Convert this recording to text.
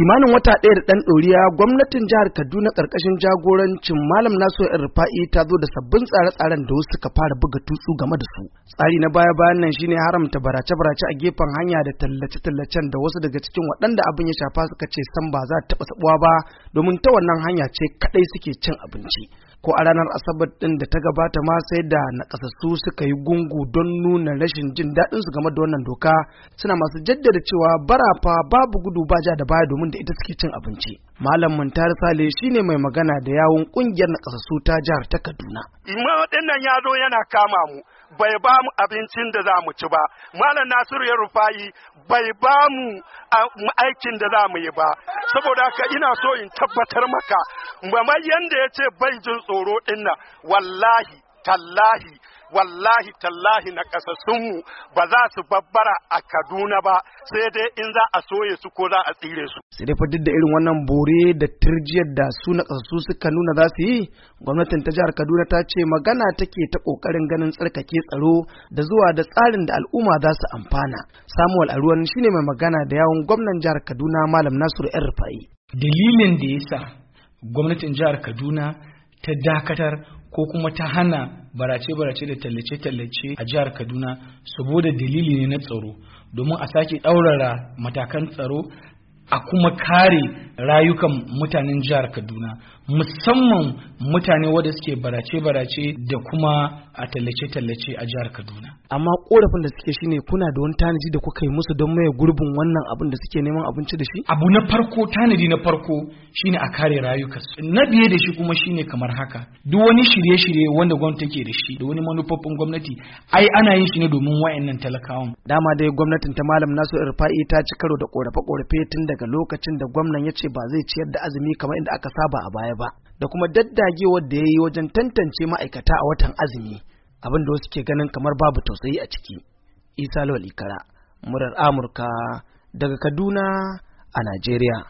kimanin wata ɗaya da ɗan ɗoriya gwamnatin jihar kaduna ƙarƙashin jagorancin malam nasu rufa'i ta zo da sabbin tsare-tsaren da wasu suka fara buga tutsu game da su tsari na baya bayan nan shine haramta barace-barace a gefen hanya da tallace-tallacen da wasu daga cikin waɗanda abin ya shafa suka ce san ba za ta taɓa sabuwa ba domin ta wannan hanya ce kaɗai suke cin abinci ko a ranar asabar din da ta gabata ma sai da nakasassu suka yi gungu don nuna rashin jin daɗin su game da wannan doka suna masu jaddada cewa barafa babu gudu ba ja da baya domin da ita suke cin abinci malam muntar sale shine mai magana da yawun kungiyar nakasassu ta jihar ta kaduna waɗannan ya zo yana kama mu bai ba mu abincin da za mu ci ba malam nasiru ya rufayi bai ba mu aikin da za mu yi ba saboda haka ina so in tabbatar maka mai yanda ya ce bai jin tsoro dinnan wallahi tallahi wallahi tallahi na kasassunmu ba za su babbara a Kaduna ba sai dai in za a soye su ko za a tsire su. Sai dai duk da irin wannan bore da turjiyar da su na kasassu suka nuna za su yi, gwamnatin ta jihar Kaduna ta ce magana take ta kokarin ganin tsarkake tsaro da zuwa da tsarin da al'umma za su amfana. Samuel Aruwan shine mai magana da yawon gwamnan jihar Kaduna Malam Nasiru El-Rufai. Dalilin da yasa gwamnatin jihar kaduna ta dakatar ko kuma ta hana barace-barace da tallace-tallace a jihar kaduna saboda dalili ne na tsaro domin a sake ɗaurara matakan tsaro a kuma kare rayukan mutanen jihar Kaduna musamman mutane wanda suke barace-barace da kuma a tallace-tallace a jihar Kaduna. Amma korafin da suke shine kuna da wani tanadi da kuka yi musu don maye gurbin wannan abin da suke neman abinci da shi? Abu na farko tanadi na farko shine a kare rayukansu. Na biye da shi kuma shine kamar haka. Duk wani shirye-shirye wanda gwamnati take da shi da wani manufofin gwamnati ai ana yin shi ne domin wa'annan talakawan. Dama dai gwamnatin ta malam Nasu Irfa'i ta ci karo da korafe-korafe tun da daga lokacin da gwamnan ya ce ba zai ciyar da azumi kamar inda aka saba a baya ba da kuma daddagewar da ya yi wajen tantance ma'aikata a watan azumi abin da wasu ke ganin kamar babu tausayi a ciki isa lawal ikara murar amurka daga kaduna a najeriya